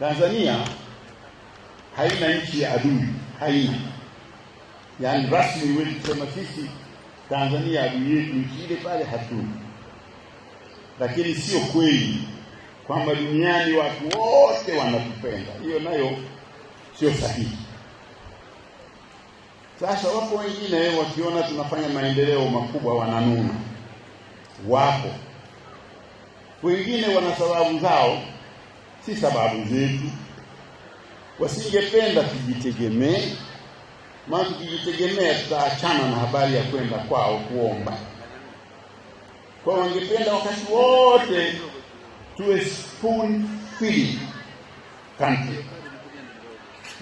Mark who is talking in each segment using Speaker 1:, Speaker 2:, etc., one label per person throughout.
Speaker 1: Tanzania haina nchi ya adui, haina yaani rasmi. Huwezi kusema sisi Tanzania adui yetu nchi ile pale, hatuna. Lakini sio kweli kwamba duniani watu wote wanatupenda, hiyo nayo sio sahihi. Sasa wapo wengine wakiona tunafanya maendeleo makubwa wananuna, wapo wengine wana sababu zao si sababu zetu, wasingependa tujitegemee, maana tukijitegemea tutaachana na habari ya kwenda kwao kuomba. Kwa wangependa wakati wote tuwe spoon feed country,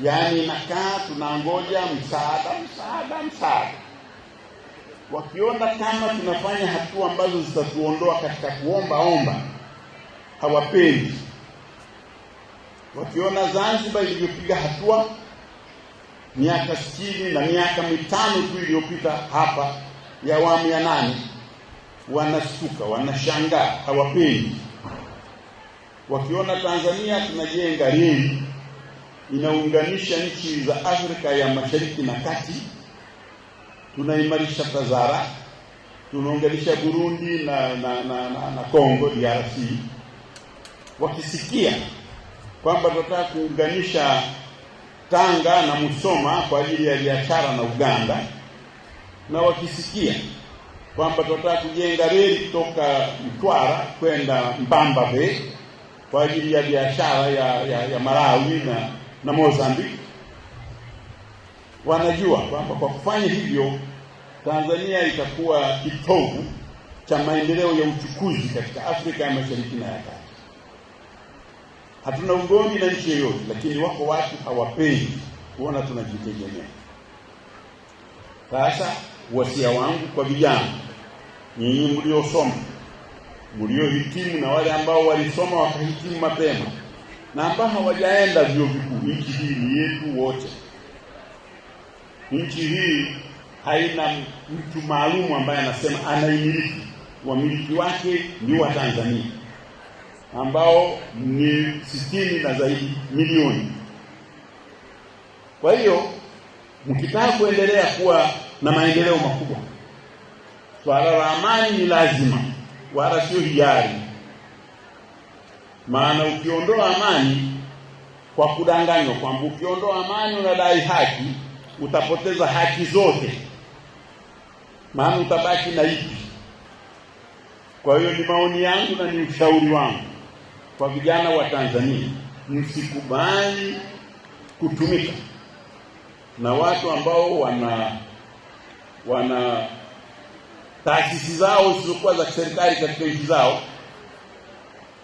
Speaker 1: yaani nakaa tunangoja msaada, msaada, msaada wakiona kama tunafanya hatua ambazo zitatuondoa katika kuomba omba, hawapendi wakiona Zanzibar ilivyopiga hatua miaka sitini na miaka mitano tu iliyopita hapa ya awamu ya nane, wanastuka wanashangaa, hawapendi. Wakiona Tanzania tunajenga reli inaunganisha nchi za Afrika ya Mashariki na Kati, tunaimarisha TAZARA, tunaunganisha Burundi na na na, na, na Kongo DRC, wakisikia kwamba tunataka kuunganisha Tanga na Musoma kwa ajili ya biashara na Uganda, na wakisikia kwamba tunataka kujenga reli kutoka Mtwara kwenda Mbamba Bay kwa ajili ya biashara ya, ya, ya Malawi na, na Mozambique, wanajua kwamba kwa kufanya hivyo Tanzania itakuwa kitovu cha maendeleo ya uchukuzi katika Afrika ya Mashariki na ya Kati. Hatuna ugomvi na nchi yoyote, lakini wako watu hawapendi kuona tunajitegemea. Sasa wasia wangu kwa vijana, nyinyi mliosoma, mliohitimu na wale ambao walisoma wakahitimu mapema na ambao hawajaenda vyuo vikuu, nchi hii ni yetu wote. Nchi hii haina mtu maalumu ambaye anasema anaimiliki, wamiliki wake ni wa Tanzania ambao ni sitini na zaidi milioni. Kwa hiyo mkitaka kuendelea kuwa na maendeleo makubwa, swala la amani ni lazima, wala sio hiari. Maana ukiondoa amani kwa kudanganywa kwamba ukiondoa amani unadai haki, utapoteza haki zote, maana utabaki na ipi? Kwa hiyo ni maoni yangu na ni ushauri wangu kwa vijana wa Tanzania, msikubali kutumika na watu ambao wana wana taasisi zao zisizokuwa za serikali katika nchi zao,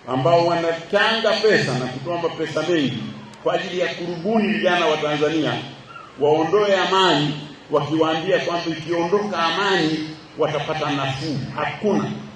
Speaker 1: ambao wanachanga pesa na kutomba pesa mengi kwa ajili ya kurubuni vijana wa Tanzania waondoe amani, wakiwaambia kwamba ikiondoka amani watapata nafuu. Hakuna.